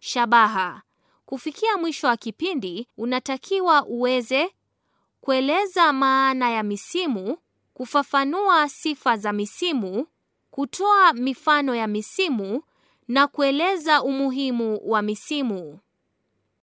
Shabaha: kufikia mwisho wa kipindi, unatakiwa uweze kueleza maana ya misimu, kufafanua sifa za misimu, kutoa mifano ya misimu na kueleza umuhimu wa misimu.